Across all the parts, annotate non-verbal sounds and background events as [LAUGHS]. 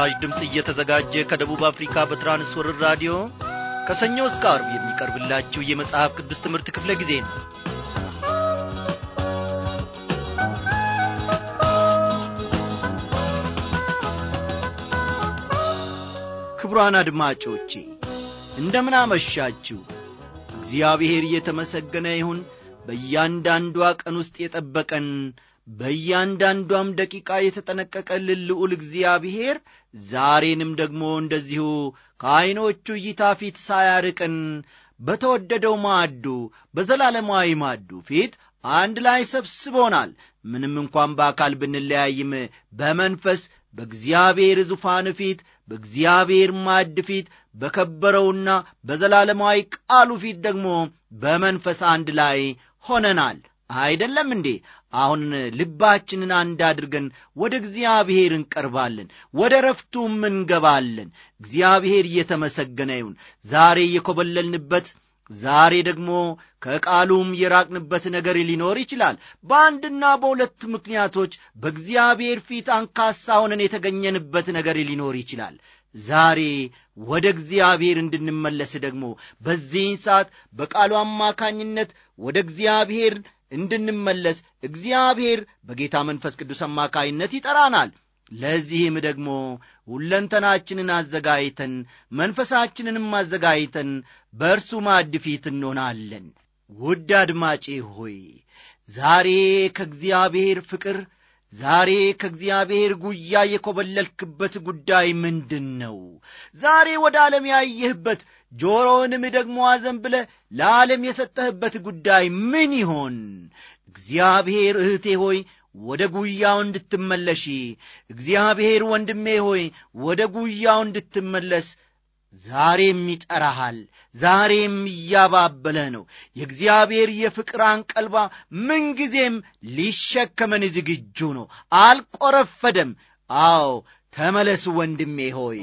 ለምስራች ድምፅ እየተዘጋጀ ከደቡብ አፍሪካ በትራንስወርር ራዲዮ ከሰኞ እስከ አርብ የሚቀርብላችሁ የመጽሐፍ ቅዱስ ትምህርት ክፍለ ጊዜ ነው። ክቡራን አድማጮቼ እንደምን አመሻችሁ። እግዚአብሔር እየተመሰገነ ይሁን። በእያንዳንዷ ቀን ውስጥ የጠበቀን በእያንዳንዷም ደቂቃ የተጠነቀቀልን ልዑል እግዚአብሔር ዛሬንም ደግሞ እንደዚሁ ከዐይኖቹ እይታ ፊት ሳያርቅን በተወደደው ማዕዱ በዘላለማዊ ማዱ ፊት አንድ ላይ ሰብስቦናል። ምንም እንኳን በአካል ብንለያይም በመንፈስ በእግዚአብሔር ዙፋን ፊት በእግዚአብሔር ማዕድ ፊት በከበረውና በዘላለማዊ ቃሉ ፊት ደግሞ በመንፈስ አንድ ላይ ሆነናል። አይደለም እንዴ? አሁን ልባችንን አንድ አድርገን ወደ እግዚአብሔር እንቀርባለን፣ ወደ ረፍቱም እንገባለን። እግዚአብሔር እየተመሰገነ ይሁን። ዛሬ የኮበለልንበት ዛሬ ደግሞ ከቃሉም የራቅንበት ነገር ሊኖር ይችላል። በአንድና በሁለት ምክንያቶች በእግዚአብሔር ፊት አንካሳ ሆነን የተገኘንበት ነገር ሊኖር ይችላል። ዛሬ ወደ እግዚአብሔር እንድንመለስ ደግሞ በዚህን ሰዓት በቃሉ አማካኝነት ወደ እግዚአብሔር እንድንመለስ እግዚአብሔር በጌታ መንፈስ ቅዱስ አማካይነት ይጠራናል። ለዚህም ደግሞ ሁለንተናችንን አዘጋጅተን መንፈሳችንንም አዘጋጅተን በእርሱ ማዕድ ፊት እንሆናለን። ውድ አድማጬ ሆይ ዛሬ ከእግዚአብሔር ፍቅር ዛሬ ከእግዚአብሔር ጉያ የኮበለልክበት ጉዳይ ምንድን ነው? ዛሬ ወደ ዓለም ያየህበት ጆሮንም ደግሞ አዘን ብለ ለዓለም የሰጠህበት ጉዳይ ምን ይሆን? እግዚአብሔር እህቴ ሆይ ወደ ጉያው እንድትመለሺ፣ እግዚአብሔር ወንድሜ ሆይ ወደ ጉያው እንድትመለስ ዛሬም ይጠራሃል፣ ዛሬም እያባበለ ነው። የእግዚአብሔር የፍቅር አንቀልባ ምንጊዜም ሊሸከመን ዝግጁ ነው። አልቆረፈደም። አዎ ተመለስ ወንድሜ ሆይ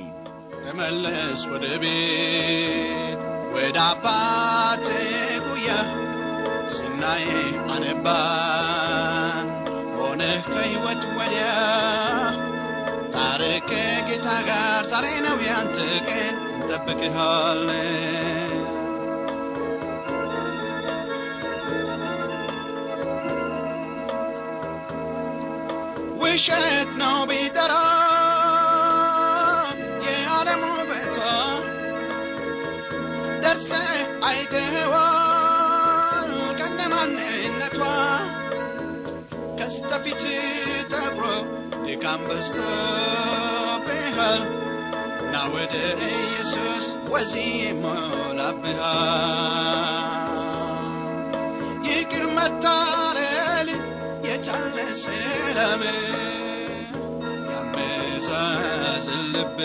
ተመለስ ወደ ቤት ወደ አባት ጉያ ስናይ አነባ ሆነህ تبكي تبكي هالليل وشيت نوبي درا يا عالم وبتا درسه عيته والقن من النتوى كستفيتي تبرو دي كان بستو بهل ወደ ኢየሱስ ወዚህ ሞላብሃል ይቅር መታለል የቻለ ሰላም ያመዛዝን ልብ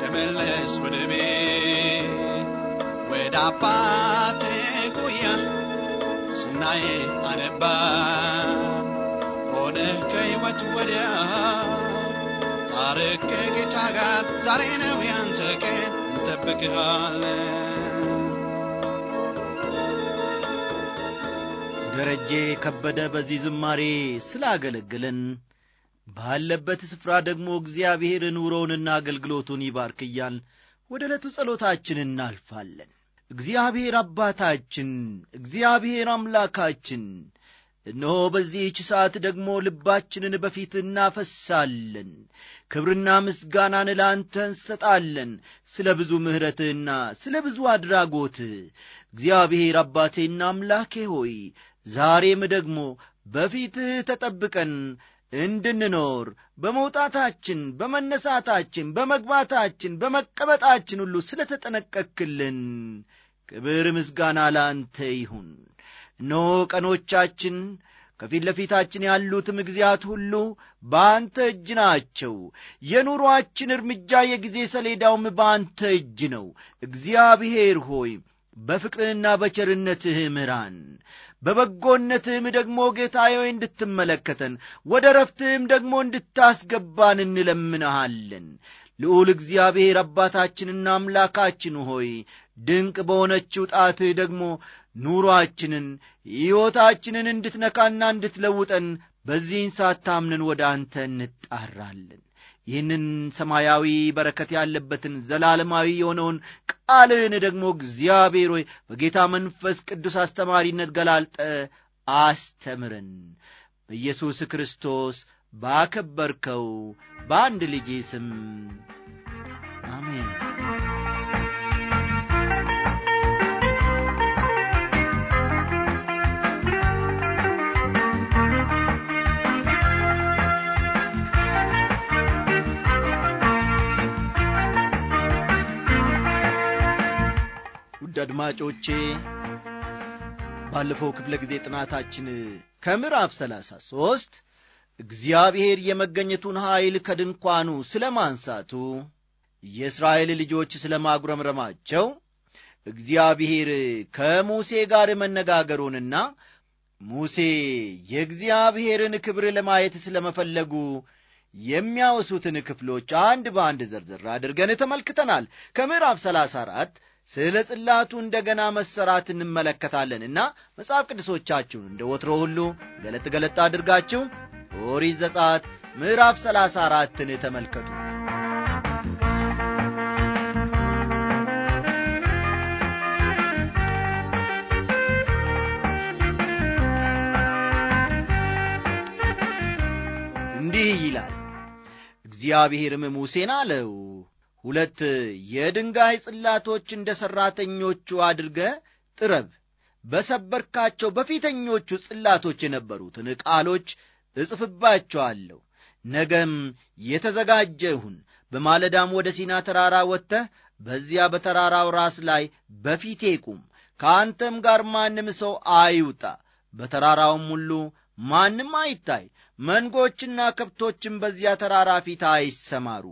ተመለስ ወደ ቤት ወደ አባት ጉያ ስናይ አነባ ዛሬ ነው ያንተ ቀን እንጠብቅሃለን። ደረጄ ከበደ በዚህ ዝማሬ ስላገለግለን ባለበት ስፍራ ደግሞ እግዚአብሔር ኑሮውንና አገልግሎቱን ይባርክያል ወደ ዕለቱ ጸሎታችን እናልፋለን። እግዚአብሔር አባታችን፣ እግዚአብሔር አምላካችን እነሆ በዚህች ሰዓት ደግሞ ልባችንን በፊት እናፈሳለን፣ ክብርና ምስጋናን ለአንተ እንሰጣለን፣ ስለ ብዙ ምሕረትህና ስለ ብዙ አድራጎትህ። እግዚአብሔር አባቴና አምላኬ ሆይ ዛሬም ደግሞ በፊትህ ተጠብቀን እንድንኖር በመውጣታችን፣ በመነሳታችን፣ በመግባታችን፣ በመቀመጣችን ሁሉ ስለ ተጠነቀክልን ክብር ምስጋና ለአንተ ይሁን። እነሆ ቀኖቻችን ከፊት ለፊታችን ያሉትም ጊዜያት ሁሉ በአንተ እጅ ናቸው። የኑሮአችን እርምጃ የጊዜ ሰሌዳውም በአንተ እጅ ነው። እግዚአብሔር ሆይ በፍቅርህና በቸርነትህ ምራን፣ በበጎነትህም ደግሞ ጌታዬ እንድትመለከተን ወደ ረፍትህም ደግሞ እንድታስገባን እንለምንሃለን። ልዑል እግዚአብሔር አባታችንና አምላካችን ሆይ ድንቅ በሆነችው ጣትህ ደግሞ ኑሮአችንን ሕይወታችንን እንድትነካና እንድትለውጠን በዚህን ሰዓት ታምነን ወደ አንተ እንጣራለን። ይህንን ሰማያዊ በረከት ያለበትን ዘላለማዊ የሆነውን ቃልህን ደግሞ እግዚአብሔር ሆይ በጌታ መንፈስ ቅዱስ አስተማሪነት ገላልጠ አስተምረን በኢየሱስ ክርስቶስ ባከበርከው በአንድ ልጅ ስም አሜን። አድማጮቼ ባለፈው ክፍለ ጊዜ ጥናታችን ከምዕራፍ ሰላሳ እግዚአብሔር የመገኘቱን ኀይል ከድንኳኑ ስለ ማንሳቱ፣ የእስራኤል ልጆች ስለ ማጉረምረማቸው፣ እግዚአብሔር ከሙሴ ጋር መነጋገሩንና ሙሴ የእግዚአብሔርን ክብር ለማየት ስለ መፈለጉ የሚያወሱትን ክፍሎች አንድ በአንድ ዘርዘር አድርገን ተመልክተናል። ከምዕራፍ 34 ስለ ጽላቱ እንደገና መሰራት እንመለከታለንና መጽሐፍ ቅዱሶቻችሁን እንደ ወትሮ ሁሉ ገለጥ ገለጥ አድርጋችሁ ኦሪት ዘጸአት ምዕራፍ 34ን ተመልከቱ። እንዲህ ይላል፣ እግዚአብሔርም ሙሴን አለው ሁለት የድንጋይ ጽላቶች እንደ ሠራተኞቹ አድርገ ጥረብ። በሰበርካቸው በፊተኞቹ ጽላቶች የነበሩትን ቃሎች እጽፍባቸዋለሁ። ነገም የተዘጋጀ ይሁን። በማለዳም ወደ ሲና ተራራ ወጥተህ በዚያ በተራራው ራስ ላይ በፊቴ ቁም። ከአንተም ጋር ማንም ሰው አይውጣ፣ በተራራውም ሁሉ ማንም አይታይ። መንጎችና ከብቶችም በዚያ ተራራ ፊት አይሰማሩ።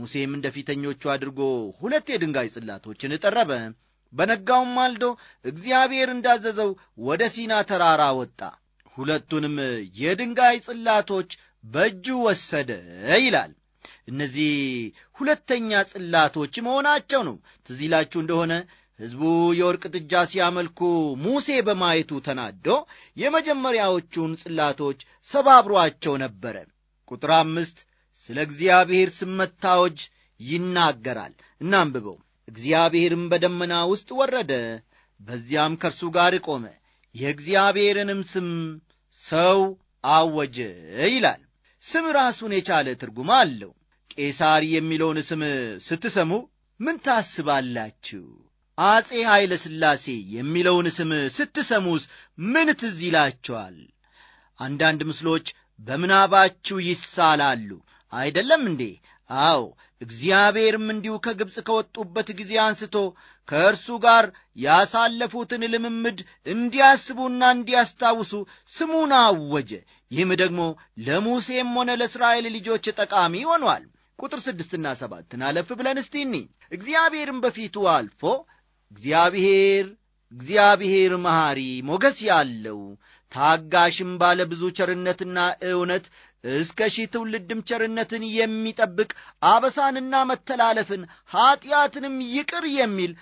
ሙሴም እንደ ፊተኞቹ አድርጎ ሁለት የድንጋይ ጽላቶችን እጠረበ በነጋውም አልዶ እግዚአብሔር እንዳዘዘው ወደ ሲና ተራራ ወጣ። ሁለቱንም የድንጋይ ጽላቶች በእጁ ወሰደ ይላል። እነዚህ ሁለተኛ ጽላቶች መሆናቸው ነው። ትዚላችሁ እንደሆነ ሕዝቡ የወርቅ ጥጃ ሲያመልኩ ሙሴ በማየቱ ተናዶ የመጀመሪያዎቹን ጽላቶች ሰባብሯቸው ነበረ። ቁጥር አምስት ስለ እግዚአብሔር ስም መታወጅ ይናገራል። እናንብበው። እግዚአብሔርም በደመና ውስጥ ወረደ፣ በዚያም ከእርሱ ጋር ቆመ፣ የእግዚአብሔርንም ስም ሰው አወጀ ይላል። ስም ራሱን የቻለ ትርጉም አለው። ቄሳር የሚለውን ስም ስትሰሙ ምን ታስባላችሁ? አጼ ኃይለ ሥላሴ የሚለውን ስም ስትሰሙስ ምን ትዝ ይላችኋል? አንዳንድ ምስሎች በምናባችሁ ይሳላሉ። አይደለም እንዴ? አዎ እግዚአብሔርም እንዲሁ ከግብፅ ከወጡበት ጊዜ አንስቶ ከእርሱ ጋር ያሳለፉትን ልምምድ እንዲያስቡና እንዲያስታውሱ ስሙን አወጀ። ይህም ደግሞ ለሙሴም ሆነ ለእስራኤል ልጆች ጠቃሚ ሆኗል። ቁጥር ስድስትና ሰባትን አለፍ ብለን እስቲ እኒ እግዚአብሔርም በፊቱ አልፎ እግዚአብሔር እግዚአብሔር መሐሪ ሞገስ ያለው ታጋሽም ባለ ብዙ ቸርነትና እውነት እስከ ሺህ ትውልድም ቸርነትን የሚጠብቅ አበሳንና መተላለፍን ኀጢአትንም ይቅር የሚል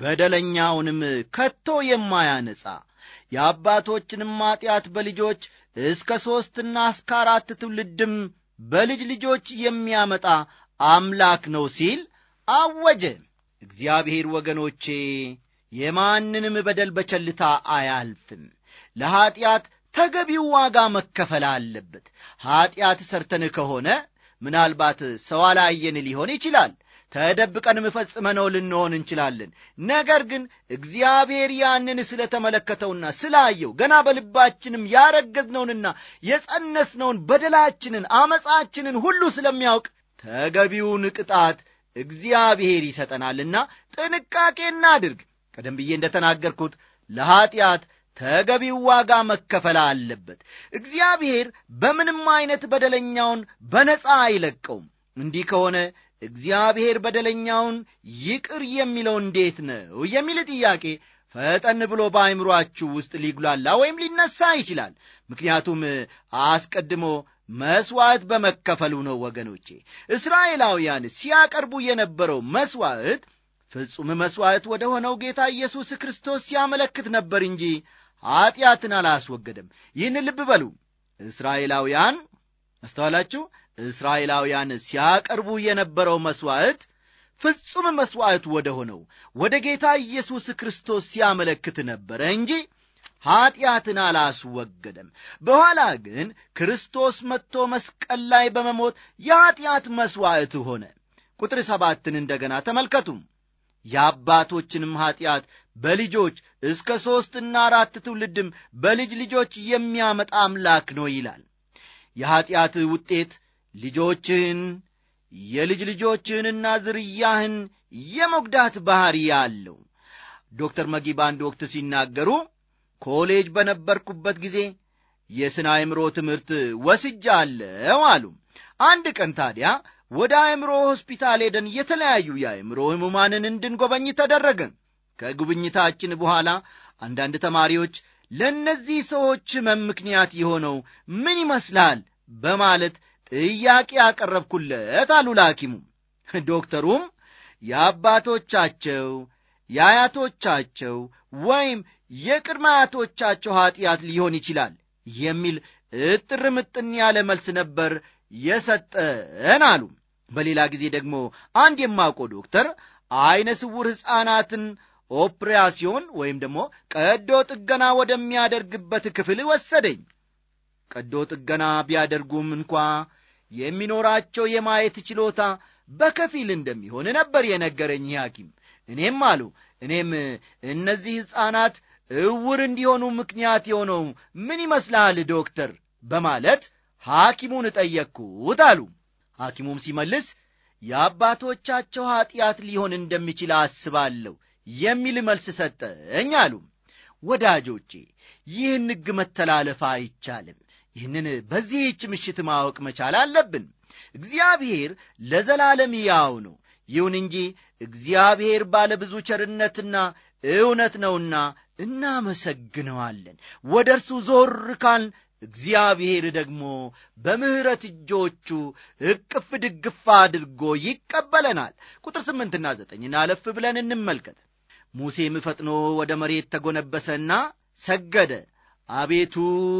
በደለኛውንም ከቶ የማያነጻ የአባቶችንም ኀጢአት በልጆች እስከ ሦስትና እስከ አራት ትውልድም በልጅ ልጆች የሚያመጣ አምላክ ነው ሲል አወጀ። እግዚአብሔር ወገኖቼ የማንንም በደል በቸልታ አያልፍም። ለኀጢአት ተገቢው ዋጋ መከፈል አለበት። ኀጢአት ሰርተን ከሆነ ምናልባት ሰው አላየን ሊሆን ይችላል። ተደብቀን ምፈጽመነው ልንሆን እንችላለን። ነገር ግን እግዚአብሔር ያንን ስለተመለከተውና ስላየው ገና በልባችንም ያረገዝነውንና የጸነስነውን በደላችንን፣ አመፃችንን ሁሉ ስለሚያውቅ ተገቢውን ቅጣት እግዚአብሔር ይሰጠናልና ጥንቃቄ እናድርግ። ቀደም ብዬ እንደተናገርኩት ለኀጢአት ተገቢው ዋጋ መከፈል አለበት። እግዚአብሔር በምንም አይነት በደለኛውን በነፃ አይለቀውም። እንዲህ ከሆነ እግዚአብሔር በደለኛውን ይቅር የሚለው እንዴት ነው የሚል ጥያቄ ፈጠን ብሎ በአይምሮአችሁ ውስጥ ሊጉላላ ወይም ሊነሳ ይችላል። ምክንያቱም አስቀድሞ መሥዋዕት በመከፈሉ ነው። ወገኖቼ እስራኤላውያን ሲያቀርቡ የነበረው መሥዋዕት ፍጹም መሥዋዕት ወደ ሆነው ጌታ ኢየሱስ ክርስቶስ ሲያመለክት ነበር እንጂ ኀጢአትን አላስወገደም። ይህን ልብ በሉ። እስራኤላውያን አስተዋላችሁ? እስራኤላውያን ሲያቀርቡ የነበረው መሥዋዕት ፍጹም መሥዋዕት ወደ ሆነው ወደ ጌታ ኢየሱስ ክርስቶስ ሲያመለክት ነበረ እንጂ ኀጢአትን አላስወገደም። በኋላ ግን ክርስቶስ መጥቶ መስቀል ላይ በመሞት የኀጢአት መሥዋዕት ሆነ። ቁጥር ሰባትን እንደገና ተመልከቱ። የአባቶችንም ኀጢአት በልጆች እስከ ሦስትና አራት ትውልድም በልጅ ልጆች የሚያመጣ አምላክ ነው ይላል። የኀጢአት ውጤት ልጆችህን የልጅ ልጆችህንና ዝርያህን የመጉዳት ባሕር አለው። ዶክተር መጊ በአንድ ወቅት ሲናገሩ ኮሌጅ በነበርኩበት ጊዜ የስነ አእምሮ ትምህርት ወስጃለሁ አሉ። አንድ ቀን ታዲያ ወደ አእምሮ ሆስፒታል ሄደን የተለያዩ የአእምሮ ሕሙማንን እንድንጎበኝ ተደረገን። ከጉብኝታችን በኋላ አንዳንድ ተማሪዎች ለእነዚህ ሰዎች ሕመም ምክንያት የሆነው ምን ይመስላል በማለት ጥያቄ ያቀረብኩለት አሉ ላኪሙ። ዶክተሩም የአባቶቻቸው የአያቶቻቸው ወይም የቅድመ አያቶቻቸው ኀጢአት ሊሆን ይችላል የሚል እጥር ምጥን ያለ መልስ ነበር የሰጠን አሉ። በሌላ ጊዜ ደግሞ አንድ የማውቀው ዶክተር አይነ ስውር ሕፃናትን ኦፕሬያሲዮን ወይም ደግሞ ቀዶ ጥገና ወደሚያደርግበት ክፍል ወሰደኝ። ቀዶ ጥገና ቢያደርጉም እንኳ የሚኖራቸው የማየት ችሎታ በከፊል እንደሚሆን ነበር የነገረኝ ሐኪም። እኔም አሉ እኔም እነዚህ ሕፃናት እውር እንዲሆኑ ምክንያት የሆነው ምን ይመስልሃል ዶክተር? በማለት ሐኪሙን እጠየቅኩት አሉ። ሐኪሙም ሲመልስ የአባቶቻቸው ኀጢአት ሊሆን እንደሚችል አስባለሁ የሚል መልስ ሰጠኝ አሉ። ወዳጆቼ ይህን ሕግ መተላለፍ አይቻልም። ይህንን በዚህች ምሽት ማወቅ መቻል አለብን። እግዚአብሔር ለዘላለም ያው ነው። ይሁን እንጂ እግዚአብሔር ባለ ብዙ ቸርነትና እውነት ነውና እናመሰግነዋለን። ወደ እርሱ ዞር ካል እግዚአብሔር ደግሞ በምሕረት እጆቹ እቅፍ ድግፍ አድርጎ ይቀበለናል። ቁጥር ስምንትና ዘጠኝና አለፍ ብለን እንመልከት። ሙሴም ፈጥኖ ወደ መሬት ተጎነበሰና ሰገደ። አቤቱ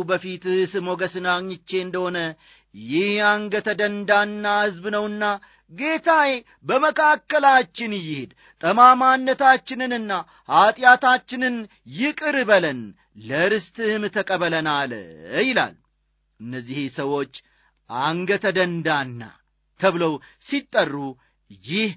በፊትህ ስሞገስን አግኝቼ እንደሆነ ይህ አንገተ ደንዳና ሕዝብ ነውና ጌታዬ በመካከላችን ይሂድ፣ ጠማማነታችንንና ኀጢአታችንን ይቅር በለን፣ ለርስትህም ተቀበለን አለ ይላል። እነዚህ ሰዎች አንገተ ደንዳና ተብለው ሲጠሩ ይህ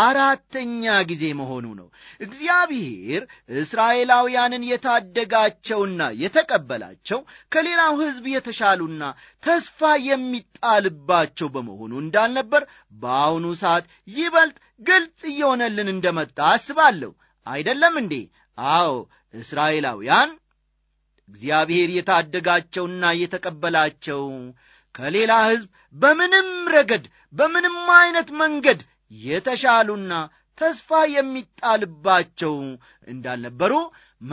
አራተኛ ጊዜ መሆኑ ነው። እግዚአብሔር እስራኤላውያንን የታደጋቸውና የተቀበላቸው ከሌላው ሕዝብ የተሻሉና ተስፋ የሚጣልባቸው በመሆኑ እንዳልነበር በአሁኑ ሰዓት ይበልጥ ግልጽ እየሆነልን እንደመጣ አስባለሁ። አይደለም እንዴ? አዎ እስራኤላውያን እግዚአብሔር የታደጋቸውና የተቀበላቸው ከሌላ ሕዝብ በምንም ረገድ በምንም አይነት መንገድ የተሻሉና ተስፋ የሚጣልባቸው እንዳልነበሩ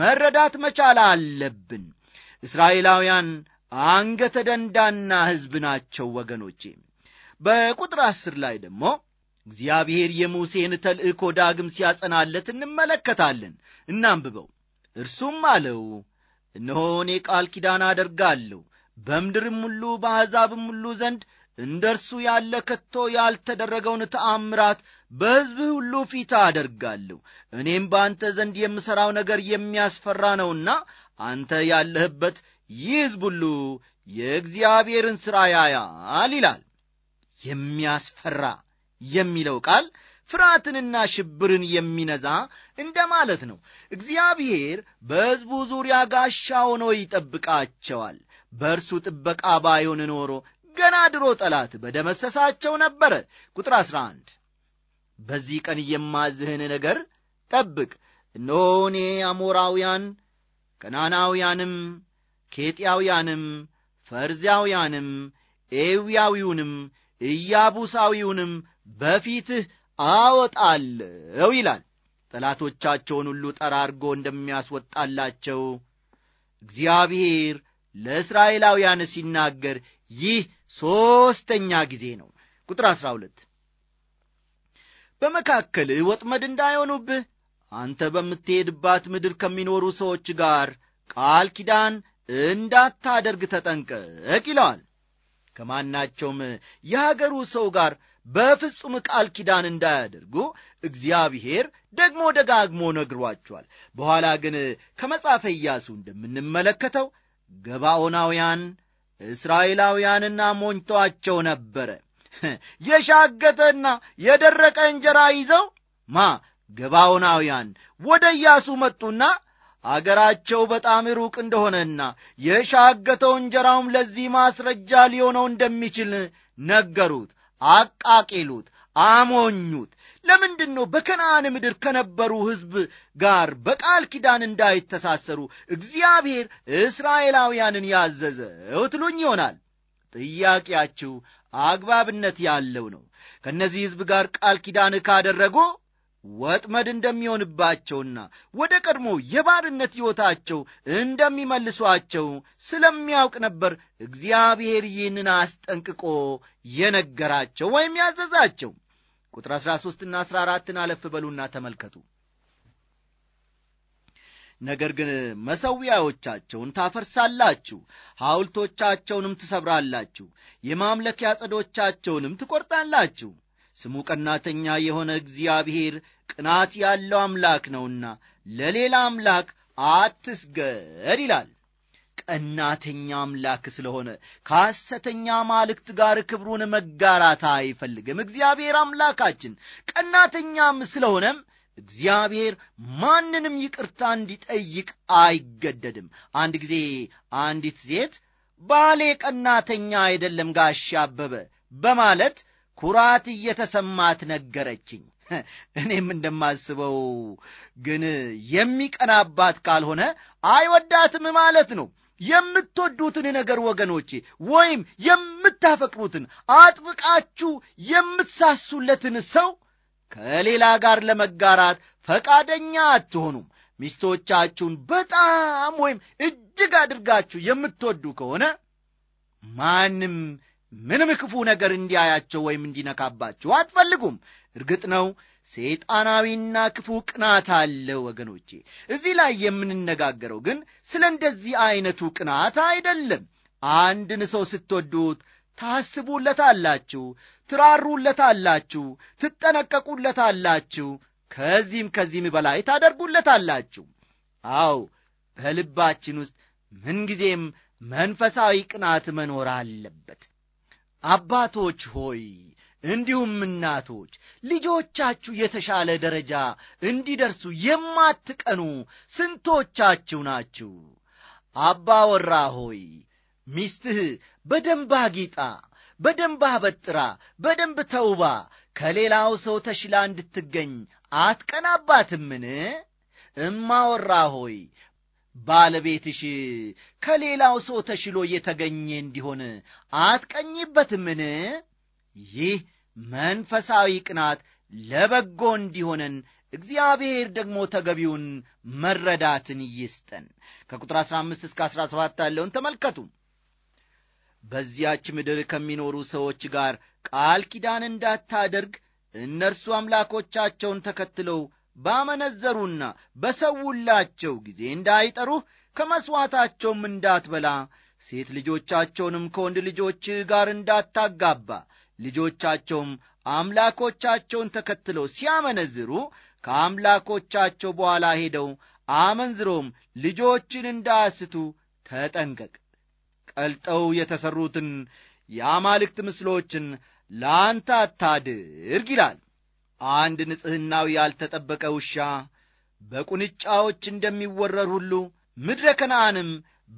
መረዳት መቻል አለብን እስራኤላውያን አንገተ ደንዳና ሕዝብ ናቸው ወገኖቼ በቁጥር አስር ላይ ደግሞ እግዚአብሔር የሙሴን ተልእኮ ዳግም ሲያጸናለት እንመለከታለን እናንብበው እርሱም አለው እነሆ እኔ ቃል ኪዳን አደርጋለሁ በምድርም ሁሉ በአሕዛብም ሁሉ ዘንድ እንደ እርሱ ያለ ከቶ ያልተደረገውን ተአምራት በሕዝብ ሁሉ ፊት አደርጋለሁ። እኔም በአንተ ዘንድ የምሠራው ነገር የሚያስፈራ ነውና አንተ ያለህበት ይህ ሕዝብ ሁሉ የእግዚአብሔርን ሥራ ያያል ይላል። የሚያስፈራ የሚለው ቃል ፍርሃትንና ሽብርን የሚነዛ እንደ ማለት ነው። እግዚአብሔር በሕዝቡ ዙሪያ ጋሻ ሆኖ ይጠብቃቸዋል። በእርሱ ጥበቃ ባይሆን ኖሮ ገና ድሮ ጠላት በደመሰሳቸው ነበረ። ቁጥር 11 በዚህ ቀን የማዝህን ነገር ጠብቅ፣ እነሆ እኔ አሞራውያን፣ ከናናውያንም፣ ኬጢያውያንም፣ ፈርዚያውያንም፣ ኤውያዊውንም ኢያቡሳዊውንም በፊትህ አወጣለው ይላል። ጠላቶቻቸውን ሁሉ ጠራርጎ እንደሚያስወጣላቸው እግዚአብሔር ለእስራኤላውያን ሲናገር ይህ ሦስተኛ ጊዜ ነው። ቁጥር 12 በመካከልህ ወጥመድ እንዳይሆኑብህ አንተ በምትሄድባት ምድር ከሚኖሩ ሰዎች ጋር ቃል ኪዳን እንዳታደርግ ተጠንቀቅ ይለዋል። ከማናቸውም የሀገሩ ሰው ጋር በፍጹም ቃል ኪዳን እንዳያደርጉ እግዚአብሔር ደግሞ ደጋግሞ ነግሯቸዋል። በኋላ ግን ከመጽሐፈ ኢያሱ እንደምንመለከተው ገባዖናውያን እስራኤላውያንና ሞኝቶአቸው ነበረ [LAUGHS] የሻገተና የደረቀ እንጀራ ይዘው ማ ገባውናውያን ወደ ኢያሱ መጡና አገራቸው በጣም ሩቅ እንደሆነና የሻገተው እንጀራውም ለዚህ ማስረጃ ሊሆነው እንደሚችል ነገሩት፣ አቃቂሉት፣ አሞኙት። ለምንድን ነው በከነአን ምድር ከነበሩ ሕዝብ ጋር በቃል ኪዳን እንዳይተሳሰሩ እግዚአብሔር እስራኤላውያንን ያዘዘው ትሉኝ ይሆናል። ጥያቄያችሁ አግባብነት ያለው ነው። ከእነዚህ ሕዝብ ጋር ቃል ኪዳን ካደረጉ ወጥመድ እንደሚሆንባቸውና ወደ ቀድሞ የባርነት ሕይወታቸው እንደሚመልሷቸው ስለሚያውቅ ነበር እግዚአብሔር ይህንን አስጠንቅቆ የነገራቸው ወይም ያዘዛቸው። ቁጥር 13ና 14ን አለፍ በሉና ተመልከቱ። ነገር ግን መሠዊያዎቻቸውን ታፈርሳላችሁ፣ ሐውልቶቻቸውንም ትሰብራላችሁ፣ የማምለኪያ ጸዶቻቸውንም ትቈርጣላችሁ። ስሙ ቀናተኛ የሆነ እግዚአብሔር ቅናት ያለው አምላክ ነውና ለሌላ አምላክ አትስገድ ይላል። ቀናተኛ አምላክ ስለሆነ ከሐሰተኛ ማልክት ጋር ክብሩን መጋራት አይፈልግም። እግዚአብሔር አምላካችን ቀናተኛም ስለሆነም እግዚአብሔር ማንንም ይቅርታ እንዲጠይቅ አይገደድም። አንድ ጊዜ አንዲት ሴት ባሌ ቀናተኛ አይደለም ጋሽ አበበ በማለት ኩራት እየተሰማት ነገረችኝ። [LAUGHS] እኔም እንደማስበው ግን የሚቀናባት ካልሆነ አይወዳትም ማለት ነው። የምትወዱትን ነገር ወገኖቼ ወይም የምታፈቅሩትን አጥብቃችሁ የምትሳሱለትን ሰው ከሌላ ጋር ለመጋራት ፈቃደኛ አትሆኑም። ሚስቶቻችሁን በጣም ወይም እጅግ አድርጋችሁ የምትወዱ ከሆነ ማንም ምንም ክፉ ነገር እንዲያያቸው ወይም እንዲነካባቸው አትፈልጉም። እርግጥ ነው ሰይጣናዊና ክፉ ቅናት አለ። ወገኖቼ እዚህ ላይ የምንነጋገረው ግን ስለ እንደዚህ ዐይነቱ ቅናት አይደለም። አንድን ሰው ስትወዱት ታስቡለታላችሁ፣ ትራሩለታላችሁ፣ ትጠነቀቁለታላችሁ፣ ከዚህም ከዚህም በላይ ታደርጉለታላችሁ። አዎ በልባችን ውስጥ ምንጊዜም መንፈሳዊ ቅናት መኖር አለበት። አባቶች ሆይ እንዲሁም እናቶች ልጆቻችሁ የተሻለ ደረጃ እንዲደርሱ የማትቀኑ ስንቶቻችሁ ናችሁ? አባ ወራ ሆይ ሚስትህ በደንብ አጊጣ፣ በደንብ አበጥራ፣ በደንብ ተውባ ከሌላው ሰው ተሽላ እንድትገኝ አትቀናባትምን? እማወራ ሆይ ባለቤትሽ ከሌላው ሰው ተሽሎ የተገኘ እንዲሆን አትቀኝበትምን? ይህ መንፈሳዊ ቅናት ለበጎ እንዲሆነን እግዚአብሔር ደግሞ ተገቢውን መረዳትን ይስጠን። ከቁጥር 15 እስከ 17 ያለውን ተመልከቱ። በዚያች ምድር ከሚኖሩ ሰዎች ጋር ቃል ኪዳን እንዳታደርግ እነርሱ አምላኮቻቸውን ተከትለው ባመነዘሩና በሰውላቸው ጊዜ እንዳይጠሩህ ከመሥዋዕታቸውም እንዳትበላ ሴት ልጆቻቸውንም ከወንድ ልጆች ጋር እንዳታጋባ ልጆቻቸውም አምላኮቻቸውን ተከትለው ሲያመነዝሩ ከአምላኮቻቸው በኋላ ሄደው አመንዝሮም ልጆችን እንዳያስቱ ተጠንቀቅ። ቀልጠው የተሠሩትን የአማልክት ምስሎችን ለአንተ አታድርግ ይላል። አንድ ንጽሕናው ያልተጠበቀ ውሻ በቁንጫዎች እንደሚወረር ሁሉ ምድረ ከነአንም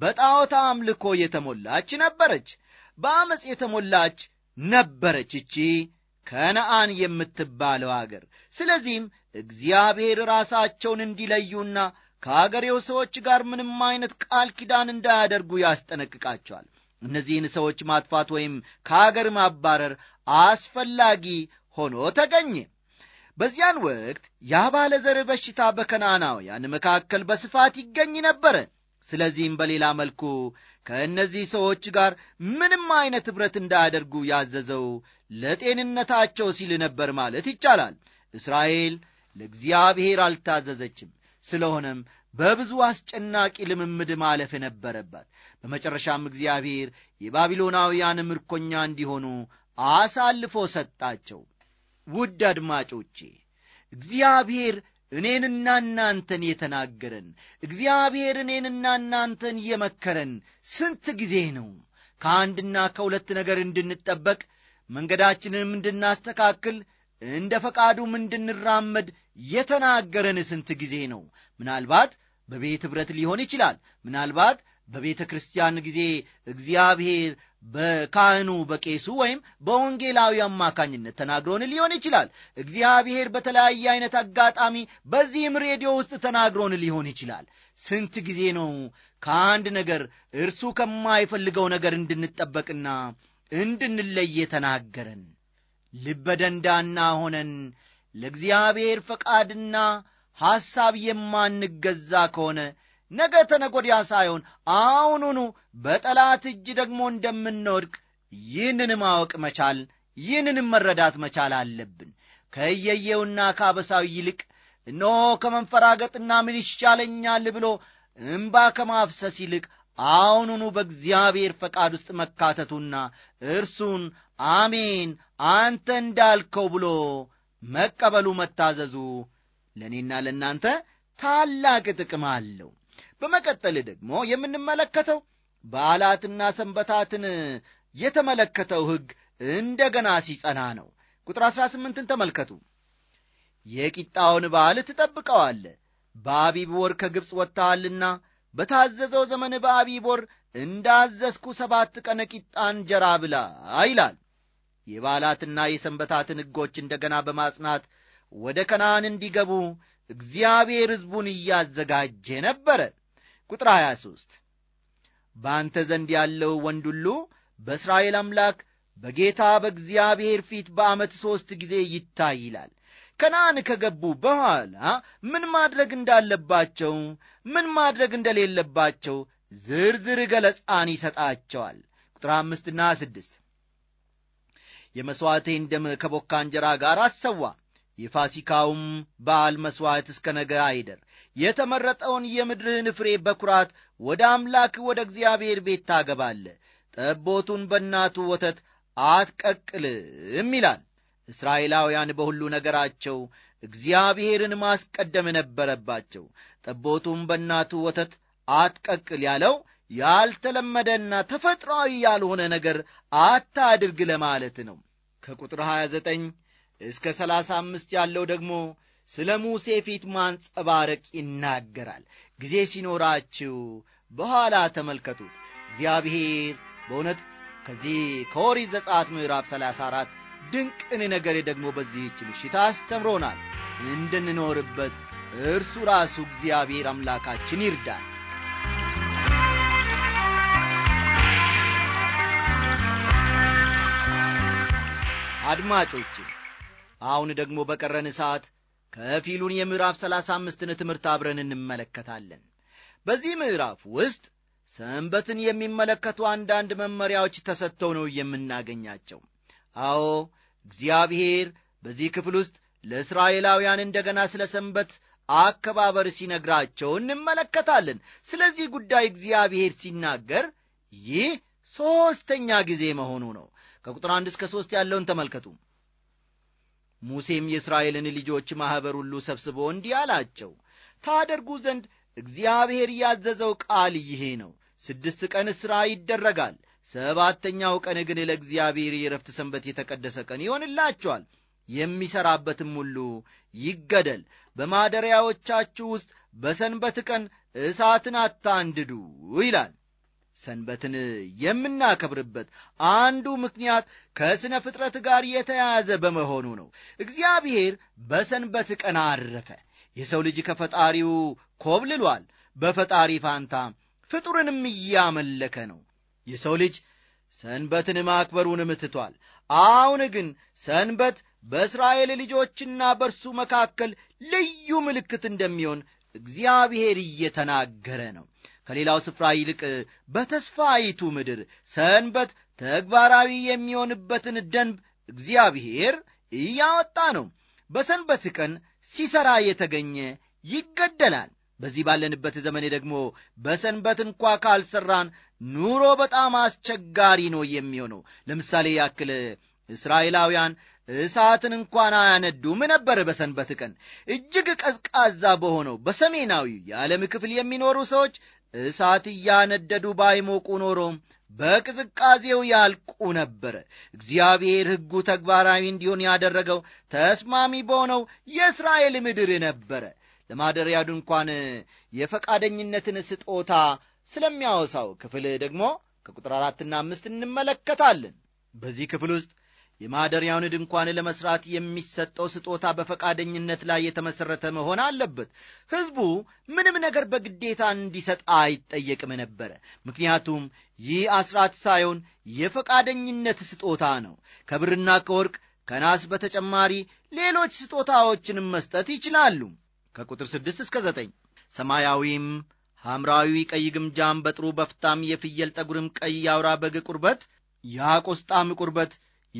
በጣዖት አምልኮ የተሞላች ነበረች። በአመፅ የተሞላች ነበረች እቺ ከነአን የምትባለው አገር። ስለዚህም እግዚአብሔር ራሳቸውን እንዲለዩና ከአገሬው ሰዎች ጋር ምንም አይነት ቃል ኪዳን እንዳያደርጉ ያስጠነቅቃቸዋል። እነዚህን ሰዎች ማጥፋት ወይም ከአገር ማባረር አስፈላጊ ሆኖ ተገኘ። በዚያን ወቅት ያባለ ዘር በሽታ በከናናውያን መካከል በስፋት ይገኝ ነበረ። ስለዚህም በሌላ መልኩ ከእነዚህ ሰዎች ጋር ምንም አይነት ኅብረት እንዳያደርጉ ያዘዘው ለጤንነታቸው ሲል ነበር ማለት ይቻላል። እስራኤል ለእግዚአብሔር አልታዘዘችም። ስለሆነም በብዙ አስጨናቂ ልምምድ ማለፍ የነበረባት። በመጨረሻም እግዚአብሔር የባቢሎናውያን ምርኮኛ እንዲሆኑ አሳልፎ ሰጣቸው። ውድ አድማጮቼ እግዚአብሔር እኔንና እናንተን የተናገረን እግዚአብሔር እኔንና እናንተን የመከረን ስንት ጊዜ ነው? ከአንድና ከሁለት ነገር እንድንጠበቅ መንገዳችንንም እንድናስተካክል እንደ ፈቃዱም እንድንራመድ የተናገረን ስንት ጊዜ ነው? ምናልባት በቤት ኅብረት ሊሆን ይችላል። ምናልባት በቤተ ክርስቲያን ጊዜ እግዚአብሔር በካህኑ በቄሱ ወይም በወንጌላዊ አማካኝነት ተናግሮን ሊሆን ይችላል። እግዚአብሔር በተለያየ አይነት አጋጣሚ በዚህም ሬዲዮ ውስጥ ተናግሮን ሊሆን ይችላል። ስንት ጊዜ ነው ከአንድ ነገር እርሱ ከማይፈልገው ነገር እንድንጠበቅና እንድንለይ ተናገረን? ልበደንዳና ሆነን ለእግዚአብሔር ፈቃድና ሐሳብ የማንገዛ ከሆነ ነገ ተነጎዲያ ሳይሆን አሁኑኑ በጠላት እጅ ደግሞ እንደምንወድቅ ይህንን ማወቅ መቻል ይህንንም መረዳት መቻል አለብን። ከየየውና ከአበሳዊ ይልቅ እነሆ ከመንፈራገጥና ምን ይሻለኛል ብሎ እምባ ከማፍሰስ ይልቅ አሁኑኑ በእግዚአብሔር ፈቃድ ውስጥ መካተቱና እርሱን አሜን አንተ እንዳልከው ብሎ መቀበሉ መታዘዙ ለእኔና ለእናንተ ታላቅ ጥቅም አለው። በመቀጠል ደግሞ የምንመለከተው በዓላትና ሰንበታትን የተመለከተው ሕግ እንደገና ሲጸና ነው። ቁጥር 18ን ተመልከቱ። የቂጣውን በዓል ትጠብቀዋለ በአቢብ ወር ከግብፅ ወጥተሃልና በታዘዘው ዘመን በአቢብ ወር እንዳዘዝኩ ሰባት ቀን ቂጣ እንጀራ ብላ ይላል። የበዓላትና የሰንበታትን ሕጎች እንደገና በማጽናት ወደ ከነዓን እንዲገቡ እግዚአብሔር ሕዝቡን እያዘጋጀ ነበረ። ቁጥር 23 በአንተ ዘንድ ያለው ወንድ ሁሉ በእስራኤል አምላክ በጌታ በእግዚአብሔር ፊት በዓመት ሦስት ጊዜ ይታይ ይላል። ከነአን ከገቡ በኋላ ምን ማድረግ እንዳለባቸው፣ ምን ማድረግ እንደሌለባቸው ዝርዝር ገለጻን ይሰጣቸዋል። ቁጥር አምስትና ስድስት የመሥዋዕቴን ደም ከቦካ እንጀራ ጋር አሰዋ የፋሲካውም በዓል መሥዋዕት እስከ ነገ አይደር። የተመረጠውን የምድርህን ፍሬ በኵራት ወደ አምላክ ወደ እግዚአብሔር ቤት ታገባለ፣ ጠቦቱን በእናቱ ወተት አትቀቅልም ይላል። እስራኤላውያን በሁሉ ነገራቸው እግዚአብሔርን ማስቀደም ነበረባቸው። ጠቦቱን በእናቱ ወተት አትቀቅል ያለው ያልተለመደና ተፈጥሯዊ ያልሆነ ነገር አታድርግ ለማለት ነው። ከቁጥር 29 እስከ ሰላሳ አምስት ያለው ደግሞ ስለ ሙሴ ፊት ማንጸባረቅ ይናገራል። ጊዜ ሲኖራችሁ በኋላ ተመልከቱት። እግዚአብሔር በእውነት ከዚህ ከኦሪት ዘጻት ምዕራፍ 34 ድንቅን ነገር ደግሞ በዚህች ምሽት አስተምሮናል። እንድንኖርበት እርሱ ራሱ እግዚአብሔር አምላካችን ይርዳል። አድማጮቼ አሁን ደግሞ በቀረን ሰዓት ከፊሉን የምዕራፍ ሰላሳ አምስትን ትምህርት አብረን እንመለከታለን። በዚህ ምዕራፍ ውስጥ ሰንበትን የሚመለከቱ አንዳንድ መመሪያዎች ተሰጥተው ነው የምናገኛቸው። አዎ እግዚአብሔር በዚህ ክፍል ውስጥ ለእስራኤላውያን እንደገና ስለ ሰንበት አከባበር ሲነግራቸው እንመለከታለን። ስለዚህ ጉዳይ እግዚአብሔር ሲናገር ይህ ሦስተኛ ጊዜ መሆኑ ነው። ከቁጥር አንድ እስከ ሦስት ያለውን ተመልከቱ። ሙሴም የእስራኤልን ልጆች ማኅበር ሁሉ ሰብስቦ እንዲህ አላቸው ታደርጉ ዘንድ እግዚአብሔር ያዘዘው ቃል ይሄ ነው ስድስት ቀን ሥራ ይደረጋል ሰባተኛው ቀን ግን ለእግዚአብሔር የረፍት ሰንበት የተቀደሰ ቀን ይሆንላችኋል የሚሠራበትም ሁሉ ይገደል በማደሪያዎቻችሁ ውስጥ በሰንበት ቀን እሳትን አታንድዱ ይላል ሰንበትን የምናከብርበት አንዱ ምክንያት ከሥነ ፍጥረት ጋር የተያያዘ በመሆኑ ነው። እግዚአብሔር በሰንበት ቀን አረፈ። የሰው ልጅ ከፈጣሪው ኮብልሏል። በፈጣሪ ፋንታ ፍጡርንም እያመለከ ነው። የሰው ልጅ ሰንበትን ማክበሩንም ትቷል። አሁን ግን ሰንበት በእስራኤል ልጆችና በእርሱ መካከል ልዩ ምልክት እንደሚሆን እግዚአብሔር እየተናገረ ነው። ከሌላው ስፍራ ይልቅ በተስፋይቱ ምድር ሰንበት ተግባራዊ የሚሆንበትን ደንብ እግዚአብሔር እያወጣ ነው። በሰንበት ቀን ሲሠራ የተገኘ ይገደላል። በዚህ ባለንበት ዘመኔ ደግሞ በሰንበት እንኳ ካልሠራን ኑሮ በጣም አስቸጋሪ ነው የሚሆነው። ለምሳሌ ያክል እስራኤላውያን እሳትን እንኳን አያነዱም ነበር። በሰንበት ቀን እጅግ ቀዝቃዛ በሆነው በሰሜናዊ የዓለም ክፍል የሚኖሩ ሰዎች እሳት እያነደዱ ባይሞቁ ኖሮ በቅዝቃዜው ያልቁ ነበረ። እግዚአብሔር ሕጉ ተግባራዊ እንዲሆን ያደረገው ተስማሚ በሆነው የእስራኤል ምድር ነበረ። ለማደሪያ ድንኳን የፈቃደኝነትን ስጦታ ስለሚያወሳው ክፍል ደግሞ ከቁጥር አራትና አምስት እንመለከታለን። በዚህ ክፍል ውስጥ የማደሪያውን ድንኳን ለመሥራት የሚሰጠው ስጦታ በፈቃደኝነት ላይ የተመሠረተ መሆን አለበት። ሕዝቡ ምንም ነገር በግዴታ እንዲሰጥ አይጠየቅም ነበረ። ምክንያቱም ይህ አስራት ሳይሆን የፈቃደኝነት ስጦታ ነው። ከብርና ከወርቅ ከናስ በተጨማሪ ሌሎች ስጦታዎችንም መስጠት ይችላሉ። ከቁጥር 6 እስከ 9 ሰማያዊም ሐምራዊ ቀይ ግምጃም በጥሩ በፍታም የፍየል ጠጉርም ቀይ አውራ በግ ቁርበት የአቆስጣም ቁርበት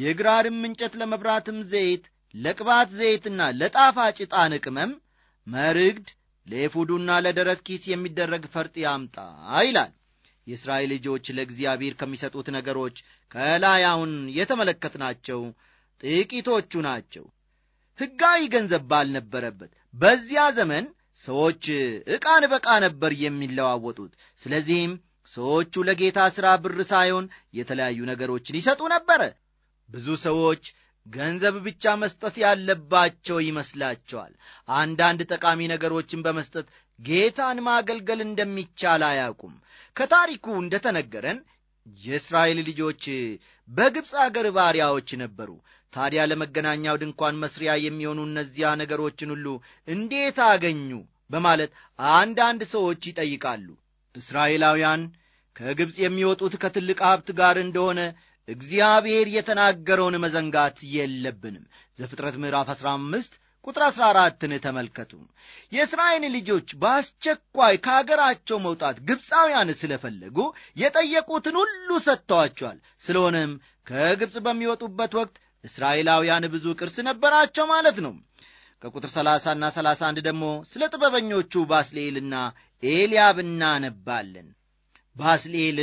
የግራርም እንጨት ለመብራትም ዘይት ለቅባት ዘይትና ለጣፋጭ ጣን ቅመም መርግድ ለኤፉዱና ለደረት ኪስ የሚደረግ ፈርጥ ያምጣ ይላል። የእስራኤል ልጆች ለእግዚአብሔር ከሚሰጡት ነገሮች ከላይ አሁን የተመለከትናቸው ጥቂቶቹ ናቸው። ሕጋዊ ገንዘብ ባልነበረበት በዚያ ዘመን ሰዎች ዕቃን በቃ ነበር የሚለዋወጡት። ስለዚህም ሰዎቹ ለጌታ ሥራ ብር ሳይሆን የተለያዩ ነገሮችን ይሰጡ ነበረ። ብዙ ሰዎች ገንዘብ ብቻ መስጠት ያለባቸው ይመስላቸዋል። አንዳንድ ጠቃሚ ነገሮችን በመስጠት ጌታን ማገልገል እንደሚቻል አያውቁም። ከታሪኩ እንደተነገረን የእስራኤል ልጆች በግብፅ አገር ባሪያዎች ነበሩ። ታዲያ ለመገናኛው ድንኳን መስሪያ የሚሆኑ እነዚያ ነገሮችን ሁሉ እንዴት አገኙ? በማለት አንዳንድ ሰዎች ይጠይቃሉ። እስራኤላውያን ከግብፅ የሚወጡት ከትልቅ ሀብት ጋር እንደሆነ እግዚአብሔር የተናገረውን መዘንጋት የለብንም። ዘፍጥረት ምዕራፍ 15 ቁጥር 14ን ተመልከቱ። የእስራኤል ልጆች በአስቸኳይ ከአገራቸው መውጣት ግብፃውያን ስለፈለጉ የጠየቁትን ሁሉ ሰጥተዋቸዋል። ስለሆነም ከግብፅ በሚወጡበት ወቅት እስራኤላውያን ብዙ ቅርስ ነበራቸው ማለት ነው። ከቁጥር 30 ና 31 ደግሞ ስለ ጥበበኞቹ ባስልኤልና ኤልያብ እናነባለን። ባስልኤል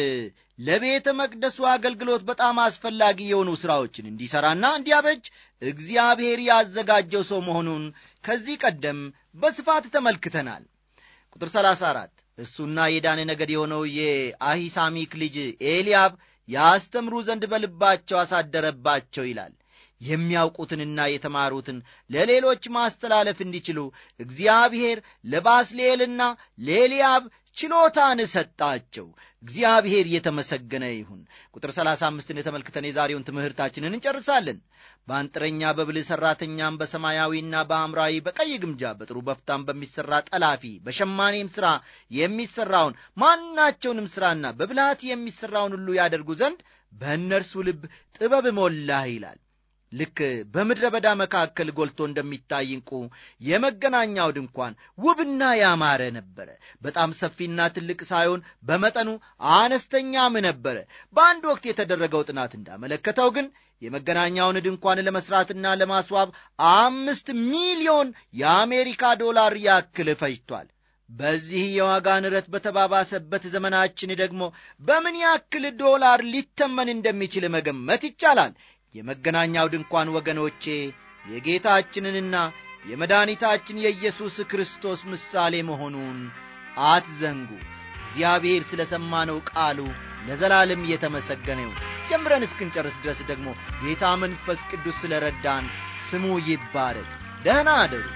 ለቤተ መቅደሱ አገልግሎት በጣም አስፈላጊ የሆኑ ሥራዎችን እንዲሠራና እንዲያበጅ እግዚአብሔር ያዘጋጀው ሰው መሆኑን ከዚህ ቀደም በስፋት ተመልክተናል። ቁጥር 34 እርሱና የዳን ነገድ የሆነው የአሂሳሚክ ልጅ ኤልያብ ያስተምሩ ዘንድ በልባቸው አሳደረባቸው ይላል። የሚያውቁትንና የተማሩትን ለሌሎች ማስተላለፍ እንዲችሉ እግዚአብሔር ለባስልኤልና ለኤልያብ ችሎታን ሰጣቸው። እግዚአብሔር የተመሰገነ ይሁን። ቁጥር 35ን ተመልክተን የዛሬውን ትምህርታችንን እንጨርሳለን። በአንጥረኛ በብልህ ሠራተኛም፣ በሰማያዊና በአምራዊ በቀይ ግምጃ በጥሩ በፍታም በሚሠራ ጠላፊ፣ በሸማኔም ሥራ የሚሠራውን ማናቸውንም ሥራና በብልሃት የሚሠራውን ሁሉ ያደርጉ ዘንድ በእነርሱ ልብ ጥበብ ሞላህ ይላል። ልክ በምድረ በዳ መካከል ጎልቶ እንደሚታይ እንቁ የመገናኛው ድንኳን ውብና ያማረ ነበረ። በጣም ሰፊና ትልቅ ሳይሆን በመጠኑ አነስተኛም ነበረ። በአንድ ወቅት የተደረገው ጥናት እንዳመለከተው ግን የመገናኛውን ድንኳን ለመስራትና ለማስዋብ አምስት ሚሊዮን የአሜሪካ ዶላር ያክል ፈጅቷል። በዚህ የዋጋ ንረት በተባባሰበት ዘመናችን ደግሞ በምን ያክል ዶላር ሊተመን እንደሚችል መገመት ይቻላል። የመገናኛው ድንኳን ወገኖቼ የጌታችንንና የመድኃኒታችን የኢየሱስ ክርስቶስ ምሳሌ መሆኑን አትዘንጉ። እግዚአብሔር ስለ ሰማነው ቃሉ ለዘላለም እየተመሰገነው። ጀምረን እስክንጨርስ ድረስ ደግሞ ጌታ መንፈስ ቅዱስ ስለ ረዳን ስሙ ይባረግ ደህና አደሩ።